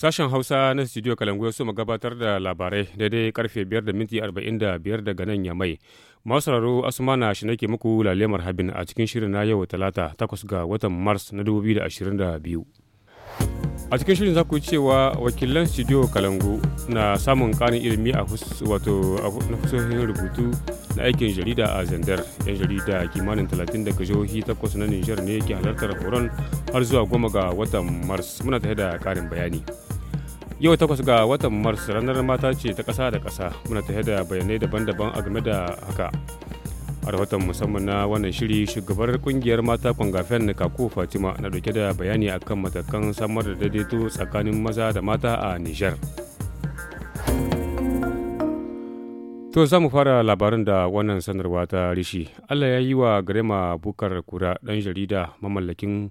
Sashen Hausa na Studio Kalangu ya soma gabatar da labarai daidai karfe 5 da minti 45 daga nan ya mai. Masu sauraro Asmana shi nake muku lalemar habin a cikin shirin na yau Talata takwas ga watan Mars na 2022. a cikin shirin za ku yi cewa wakilan studio kalangu na samun ƙarin ilimi a wato na fusohin rubutu na aikin jarida a zandar yan jarida kimanin 30 daga jihohi takwas na nijar ne ke halartar horon har zuwa goma ga watan mars muna tare da ƙarin bayani yau takwas ga watan mars ranar mata ce ta ƙasa da ƙasa muna tare da bayanai daban-daban a game da haka a rahoton musamman na wannan shiri shugabar kungiyar mata kwangafen kako fatima na dauke da bayani akan matakan samar da daidaito tsakanin maza da mata a nijar To za mu fara labarin da wannan sanarwa ta rishi. Allah ya yi wa Garema Bukar Kura dan jarida mamallakin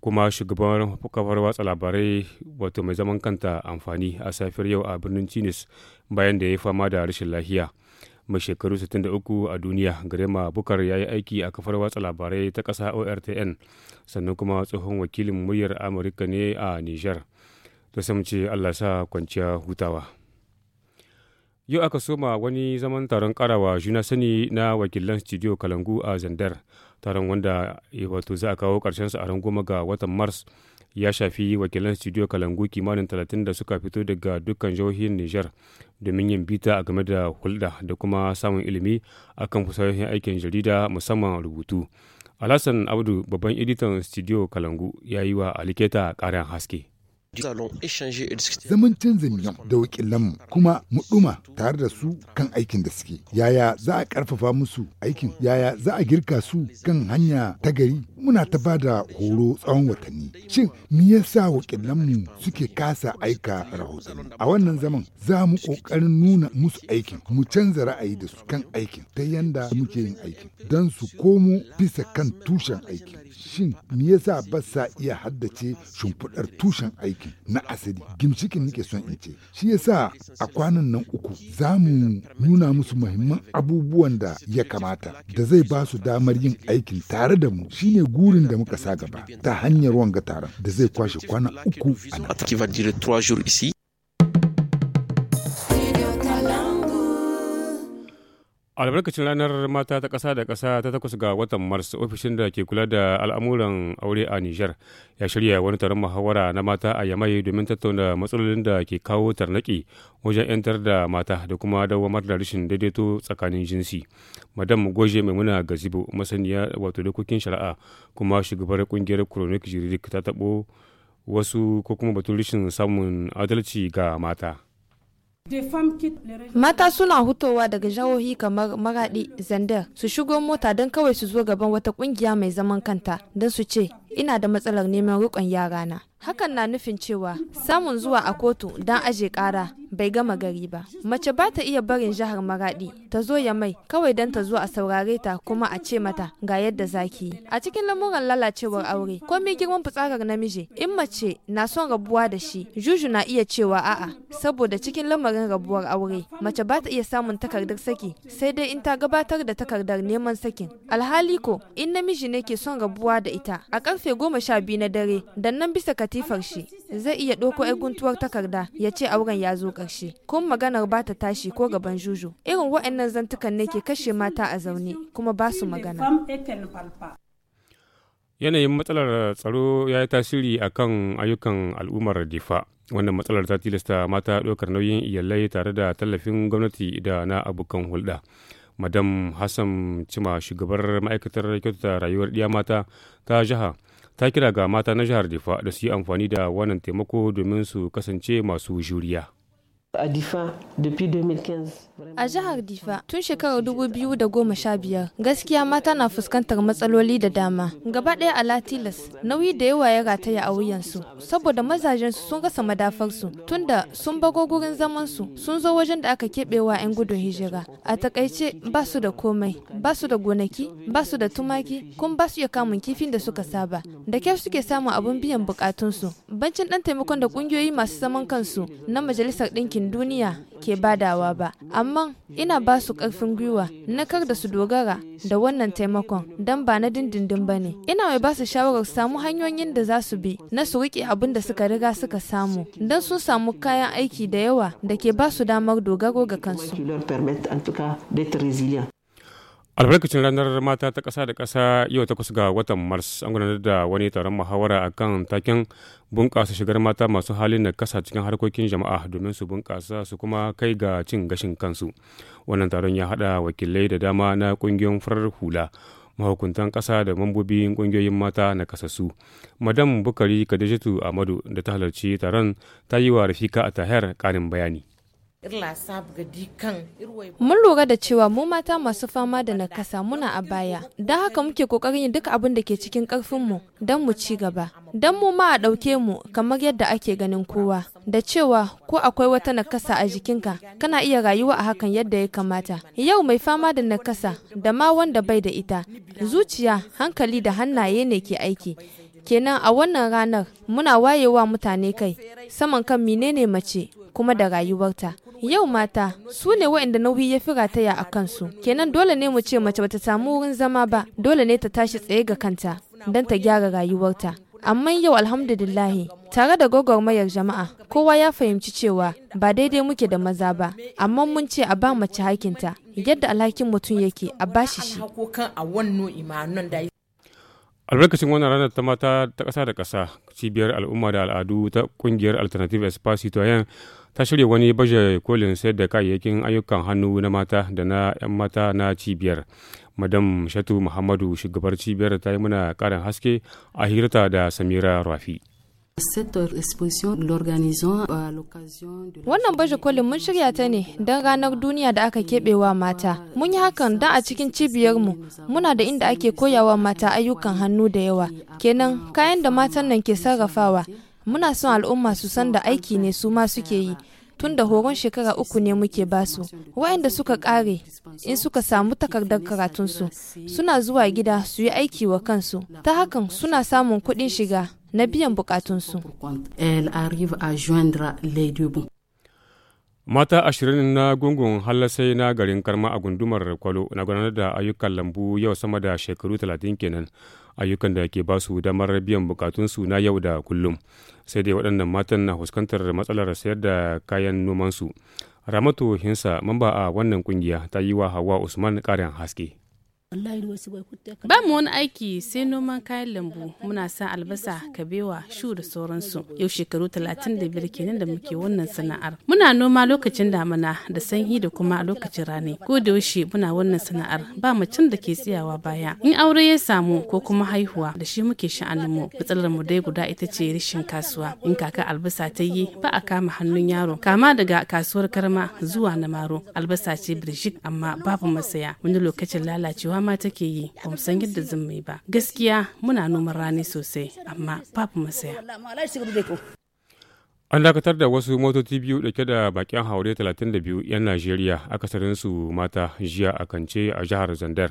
kuma shugabar kafar watsa labarai wato mai zaman kanta amfani a safiyar yau a birnin Tunis bayan da ya yi fama da rashin lahiya. mai shekaru 63 a duniya garema bukar ya yi aiki a kafar watsa labarai ta ƙasa ortn sannan kuma tsohon wakilin muryar amurka ne a niger ta samce allah sa kwanciya hutawa yau aka soma wani zaman taron karawa juna sani na wakilan studio kalangu a zandar taron wanda eh, wato za a kawo ƙarshensa a rangoma ga watan mars ya shafi wakilan studio kalangu kimanin talatin da suka fito daga dukkan jihohin niger domin yin bita a game da hulɗa da kuma samun ilimi akan fasahohin aikin jarida musamman rubutu alhassan abdu babban editan studio kalangu ya yi wa aliketa ƙarin haske Zaman canzin da mu kuma mu ɗuma tare da su kan aikin da suke. Yaya za a ƙarfafa musu aikin? Yaya za a girka su kan hanya ta gari? Muna ta ba da horo tsawon watanni. Shin me yasa mu suke kasa aika rahotanni? A wannan zaman za mu ƙoƙarin nuna musu aikin, mu canza ra'ayi da su kan aikin ta yanda muke yin aikin don su komo bisa kan tushen aikin. Shin me yasa ba sa iya haddace shimfiɗar tushen aikin? na asali gimshikin nake son in ce shi yasa a kwanan nan uku za mu nuna musu muhimman abubuwan da ya kamata da zai ba su damar yin aikin tare da mu shine gurin da muka sa gaba ta hanyar wanga taron da zai kwashe kwana uku a albarkacin ranar mata ta ƙasa da ƙasa ta takwas ga watan mars ofishin da ke kula da al'amuran aure a niger ya shirya wani taron muhawara na mata a yamai domin tattauna matsalolin da ke kawo tarnaki wajen 'yantar da mata da kuma dawamar da rashin daidaito tsakanin jinsi madam goje maimuna gazibo masaniya wato dokokin shari'a kuma shugabar kungiyar chronic juridic ta taɓo wasu ko kuma batun rashin samun adalci ga mata Mata suna hutowa daga jihohi kamar Maradi, Zandar su shigo mota don kawai su zo gaban wata kungiya mai zaman kanta don su ce ina da matsalar neman rikon yarana hakan na nufin cewa samun zuwa a kotu don aje kara bai gama gari ba mace ba ta iya barin jihar maradi ta zo ya mai kawai don ta zo a saurare ta kuma a ce mata ga yadda zaki yi a cikin lamuran lalacewar aure komai girman fitsarar namiji in mace na son rabuwa da shi juju na iya cewa a'a saboda cikin lamarin rabuwar aure mace ba ta iya samun takardar saki sai dai in ta gabatar da takardar neman sakin alhali ko in namiji ne ke son rabuwa da ita a karfe goma sha biyu na dare dan nan bisa katifar shi zai iya ɗauko yar guntuwar takarda ya ce auren ya zo ƙarshe ko maganar ba ta tashi ko gaban juju irin waɗannan zantukan ne ke kashe mata a zaune kuma ba su magana yanayin matsalar tsaro ya yi tasiri a kan ayyukan al'ummar difa wannan matsalar ta tilasta mata ɗaukar nauyin iyalai tare da tallafin gwamnati da na abokan hulɗa madam hassan cima shugabar ma'aikatar kyautata rayuwar ɗiya mata ta jiha ta kira ga mata na jihar Difa da su yi amfani da wannan taimako domin su kasance masu juriya. a Difa A jihar Difa tun shekarar da goma sha biyar gaskiya mata na fuskantar matsaloli da dama. Gaba ɗaya a Latilas nauyi da yawa ya rataya a wuyansu saboda mazajensu sun rasa madafarsu tunda sun bago gurin zamansu sun zo wajen da aka keɓewa 'yan gudun hijira. A takaice ba su da komai, ba su da gonaki, ba su da tumaki, kuma ba su iya kamun kifin da suka saba. Da kyau suke samun abun biyan bukatunsu. Bancin ɗan taimakon da ƙungiyoyi masu zaman kansu na Majalisar Ɗinkin Duniya ke badawa ba. Amma amma ina ba su ƙarfin gwiwa na kar da su dogara da wannan taimakon don ba na dindindin ba ne ina mai ba su shawarar samu hanyoyin da za su bi na su riƙe abin da suka riga suka samu don sun samu kayan aiki da yawa da ke ba su damar dogaro ga kansu albarkacin ranar mata ta ƙasa da ƙasa yau takwas ga watan mars an gudanar da wani taron muhawara a kan taken bunƙasa shigar mata masu halin na ƙasa cikin harkokin jama'a domin su bunƙasa su kuma kai ga cin gashin kansu wannan taron ya haɗa wakilai da dama na ƙungiyoyin farar hula mahukuntan ƙasa da mambobin ƙungiyoyin mata na ƙasasu madam bukari kadejatu amadu da ta halarci taron ta yi wa rafika a tahir ƙarin bayani Mun lura da cewa mu mata masu fama da nakasa muna a baya, don haka muke kokarin yin duk abin da ke cikin ƙarfinmu don mu ci gaba. Don mu ma a ɗauke mu kamar yadda ake ganin kowa, da cewa ko akwai wata nakasa a jikinka, kana iya rayuwa a hakan yadda ya kamata. Yau mai fama da nakasa da ma wanda bai da ita, zuciya, hankali da hannaye ne ke aiki. Kenan a wannan ranar muna wayewa mutane kai, saman kan menene mace kuma da rayuwarta. Yau mata su ne waɗanda nauyi ya fi rataya a kansu. Kenan dole ne mu ce mace bata samu wurin zama ba, dole ne ta tashi tsaye ga kanta don ta gyara rayuwarta. Amma yau alhamdulillahi tare da gwagwarmayar jama'a kowa ya fahimci cewa ba daidai muke da maza ba, amma mun ce a ba mace hakinta yadda alhakin mutum yake a bashi shi. albarkacin wannan ranar ta mata ta ƙasa da ƙasa cibiyar al'umma da al'adu ta ƙungiyar alternative espacito yan ta shirya wani baje kolin sayar da kayayyakin ayyukan hannu na mata da na 'yan mata na cibiyar madam shatu muhammadu shugabar cibiyar ta yi muna ƙarin haske a hirta da samira rafi Wannan baje kolin mun shirya ta ne don ranar duniya da aka keɓewa mata. Mun yi hakan don a cikin cibiyarmu muna da inda ake koyawa mata ayyukan hannu da yawa. Kenan kayan da matan nan ke sarrafawa. Muna son al'umma su san da aiki ne su ma suke yi. tun da horon shekara uku ne muke basu waɗanda suka ƙare in suka samu takardar karatunsu suna zuwa gida su yi aiki wa kansu ta hakan suna samun kuɗin shiga na biyan bukatunsu. Mata ashirin na gungun halasai na garin Karma a gundumar Kwalo na gudanar da ayyukan lambu yau sama da shekaru talatin kenan ayyukan da ke ba su damar biyan bukatunsu na yau da kullum sai dai waɗannan matan na fuskantar matsalar sayar da kayan nomansu. Ramatu Hinsa mamba a wannan kungiya ta yi wa Hawa Usman ƙarin haske. Ba mu wani aiki sai noman kayan lambu muna sa albasa, kabewa, shu da sauransu. Yau shekaru 35 kenan da muke wannan sana'ar. Muna noma lokacin damina da sanyi da kuma a lokacin rani. Ko da yaushe muna wannan sana'ar ba mu can da ke tsayawa baya. In aure ya samu ko kuma haihuwa da shi muke mu Matsalar mu dai guda ita ce rashin kasuwa. In kaka albasa ta yi ba a kama hannun yaro. Kama daga kasuwar karma zuwa na maro. Albasa ce birjik amma babu masaya. Wani lokacin lalacewa fama take yi ba mu san yadda zan mai ba gaskiya muna noman rani sosai amma babu masaya an dakatar da wasu motoci biyu dauke da bakin haure 32 'yan najeriya akasarin su mata jiya a kance a jihar zandar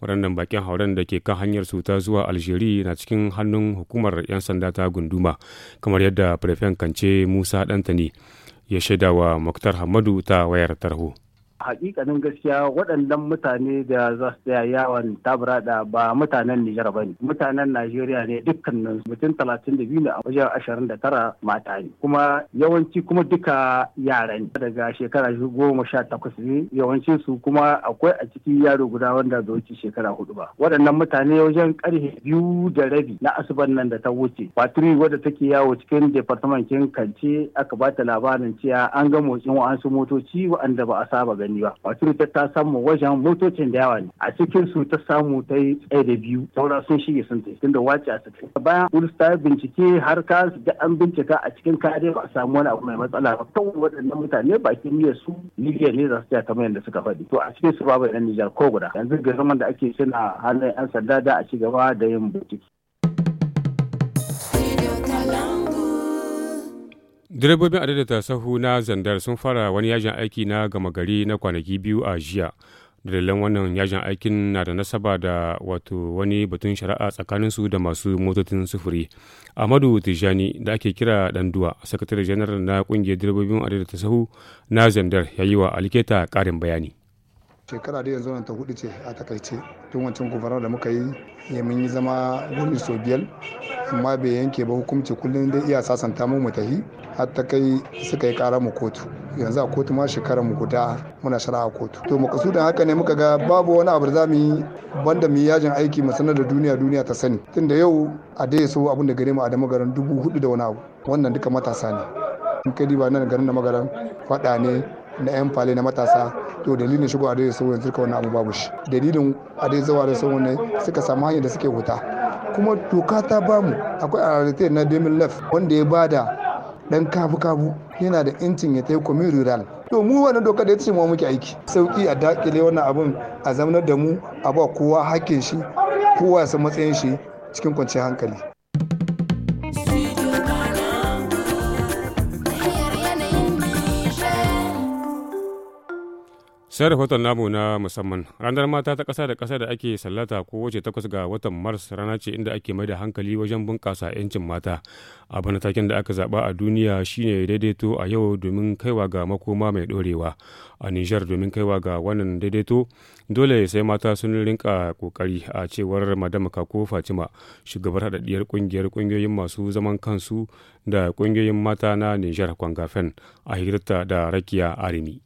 waɗannan bakin hauren da ke kan hanyar su ta zuwa algeria na cikin hannun hukumar 'yan sanda ta gunduma kamar yadda prefen kance musa dantani ya shaidawa muktar hamadu ta wayar tarho hakikanin gaskiya waɗannan mutane da za su tsaya yawon da ba mutanen Nijar ba ne mutanen Najeriya ne dukkanin mutum talatin da biyu ne a wajen ashirin da tara mata ne kuma yawanci kuma duka yara ne daga shekara goma sha takwas ne yawanci su kuma akwai a ciki yaro guda wanda bai wuce shekara hudu ba waɗannan mutane wajen karfe biyu da rabi na asuban nan da ta wuce faturi wadda take yawo cikin departamentin kance aka ba ta labarin cewa an ga motsin wa'ansu motoci wa'anda ba a saba gani gani ba wato ita ta samu wajen motocin da yawa ne a cikin su ta samu ta yi tsaye da biyu saura sun shige sun tafi tunda wace a a bayan polis ta bincike har ka ga an bincika a cikin kare ba a samu wani abu mai matsala ba kawai waɗannan mutane bakin niyyar su niyyar ne za su tsaya kamar yadda suka faɗi to a cikin su babu ɗan Nijar ko guda yanzu ga zaman da ake suna hannun yan sanda da a ci gaba da yin bincike Direbobin adadata sahu na zandar sun fara wani yajin aiki na gama gari na kwanaki biyu a jiya. Dalilan wannan yajin aikin na da nasaba da wato wani batun shari'a tsakanin su da masu motocin sufuri. Ahmadu Tijani da ake kira Danduwa, sakatare janar na kungiyar direbobin adadata sahu na zandar ya yi wa Aliketa karin bayani. shekara da yanzu ta hudu ce a takaice tun wancan gubernar da muka yi ya eh, mun yi zama gumi so biyar amma bai yanke ba hukumci kullum dai iya sasanta mu mu tahi har ta kai suka yi kara mu kotu yanzu a kotu ma shekara mu guda muna shara a kotu to makasudin haka ne muka ga babu wani abu za mu yi banda mu yi yajin aiki mu sanar da duniya duniya ta sani tunda yau a dai so abin da gare mu a dama garin dubu hudu da wani abu wannan duka matasa ne in kai ba nan garin da magaran faɗa ne na yan fale na matasa to dalilin shigo adai sun wani zirka wani abu babu shi dalilin adai zuwa da sau ne suka samu hanyar da suke huta kuma doka ta bamu akwai ararite na demin lef wanda ya ba da dan kabu-kabu yana da incin ya taiko komin rural to mu wannan doka da ya ce mu muke aiki sauki a dakile wannan abun a zamanar da mu a ba kowa hakkin shi kowa ya san matsayin shi cikin kwanciyar hankali sai rahoton namu na musamman ranar mata ta ƙasa da ƙasa da ake sallata ko wace takwas ga watan mars rana ce inda ake mai da hankali wajen bunƙasa 'yancin mata abin takin da aka zaɓa a duniya shine daidaito a yau domin kaiwa ga makoma mai ɗorewa a nijar domin kaiwa ga wannan daidaito dole sai mata sun rinka ƙoƙari a cewar madam kako fatima shugabar haɗaɗɗiyar kungiyar kungiyoyin masu zaman kansu da ƙungiyoyin mata na nijar kwangafen a hirta da rakiya arimi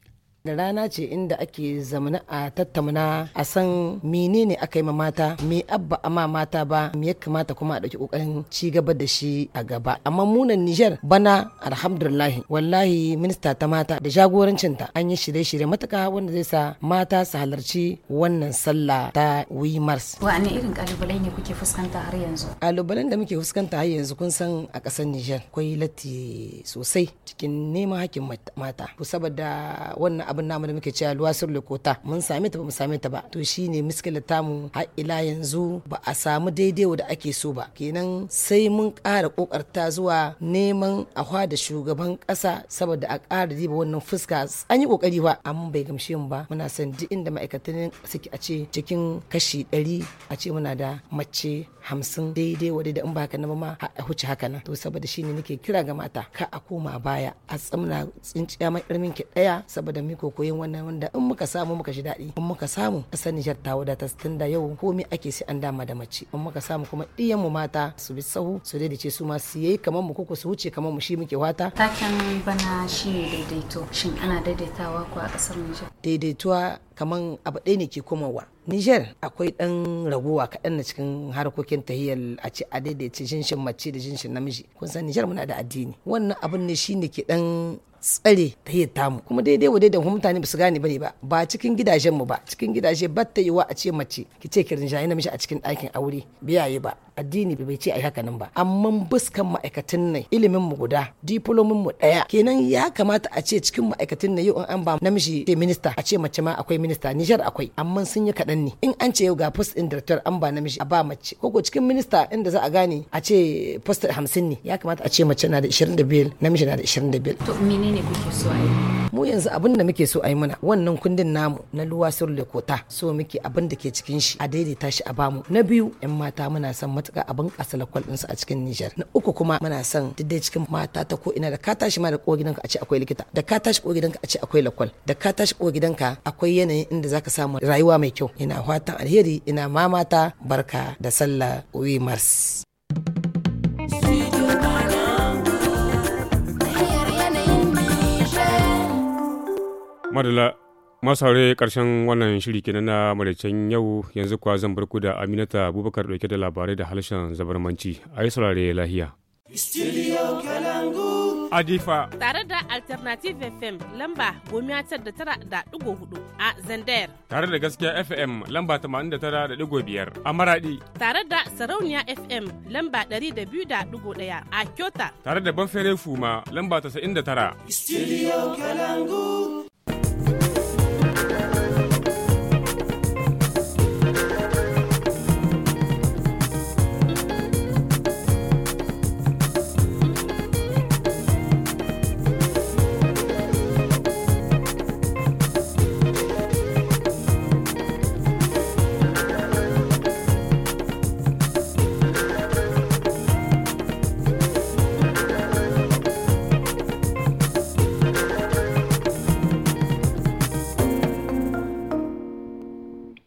da rana ce inda ake zamana a tattamuna a san menene aka yi ma mata me abba ama mata ba me ya kamata kuma a ɗauki ƙoƙarin ci gaba da shi a gaba amma munan Nijar bana alhamdulillah wallahi minista ta mata da jagorancinta an yi shirye-shirye matuka wanda zai sa mata su halarci wannan sallah ta mars Wane irin ƙalubalen ne kuke fuskanta har yanzu? da muke fuskanta har yanzu kun san a ƙasar Nijar akwai latti sosai cikin neman hakkin mata. Ku saboda wannan abin namu da muke cewa luwasir lokota mun same ta ba mu same ta ba to shine miskilata mu har ila yanzu ba a samu daidai da ake so ba kenan sai mun ƙara kokarta zuwa neman a da shugaban ƙasa saboda a ƙara diba wannan fuska an yi kokari ba amma bai gamshe mu ba muna son duk inda ma'aikatan suke a ce cikin kashi ɗari a ce muna da mace hamsin daidai wa da in ba na ma a huce haka nan to saboda shine nake kira ga mata ka a koma baya a tsamna tsinciya mai ƙarmin ki ɗaya saboda mu kokoyin wannan wanda in muka samu muka shi daɗi in muka samu ƙasar Nijar ta wadata tun da yau komai ake si an dama da mace in muka samu kuma ɗiyan mu mata su bi sahu su ce su ma su yayi kamar mu koko su wuce kamar mu shi muke wata. Takan bana shi ne daidaito shin ana daidaitawa ko a ƙasar Nijar. Daidaituwa kamar abu ɗaya ne ke komawa Niger akwai ɗan raguwa kaɗan na cikin harkokin tahiyar a ce a daidaici jinshin mace da jinshin namiji kun san Niger muna da addini wannan abin ne shine ke ɗan tsare ta yi tamu kuma daidai wa daidai mutane ba su gane bane ba ba cikin gidajen mu ba cikin gidaje ba ta yiwa a ce mace ki ce ki rinjaye namiji a cikin ɗakin aure biyaye ba addini bai ce a yi nan ba amma buskan ma'aikatan nan ilimin mu guda diplomin mu ɗaya kenan ya kamata a ce cikin ma'aikatan nan yau an ba namiji ce minista a ce mace ma akwai minista Nijar akwai amma sun yi kaɗan ne in an ce yau ga post ɗin director an ba namiji a ba mace ko cikin minista inda za a gane a ce post hamsin ne ya kamata a ce mace na da 25 namiji na da 25 to menene menene kuke so a yi mu yanzu abin da muke so a yi muna wannan kundin namu na luwa sirle kota so muke abin da ke cikin shi a daidaita shi a bamu na biyu yan mata muna son matuka abin kasa lakwal ɗinsu a cikin Nijar na uku kuma muna son duk cikin mata ta ko ina da ka tashi ma da ko gidanka a ce akwai likita da ka tashi ko gidanka a ce akwai lakwal da ka tashi ko gidanka akwai yanayin inda zaka samu rayuwa mai kyau ina fatan alheri ina mamata barka da sallah we mars madala masu haure karshen wannan shiri kenan na maraicen yau yanzu kuwa zan barku da aminata abubakar dauke da labarai da harshen zabarmanci a yi saurare lahiya Studio Kalangu. Adifa. Tare da Alternative FM lamba gomiya tar da tara da ɗigo hudu a Zandayar. Tare da gaskiya FM lamba tamanin da tara da ɗigo biyar a Maradi. Tare da Sarauniya FM lamba ɗari da biyu da ɗigo ɗaya a Kyota. Tare da Banfere Fuma lamba tasa'in da tara. Studio Kalangu.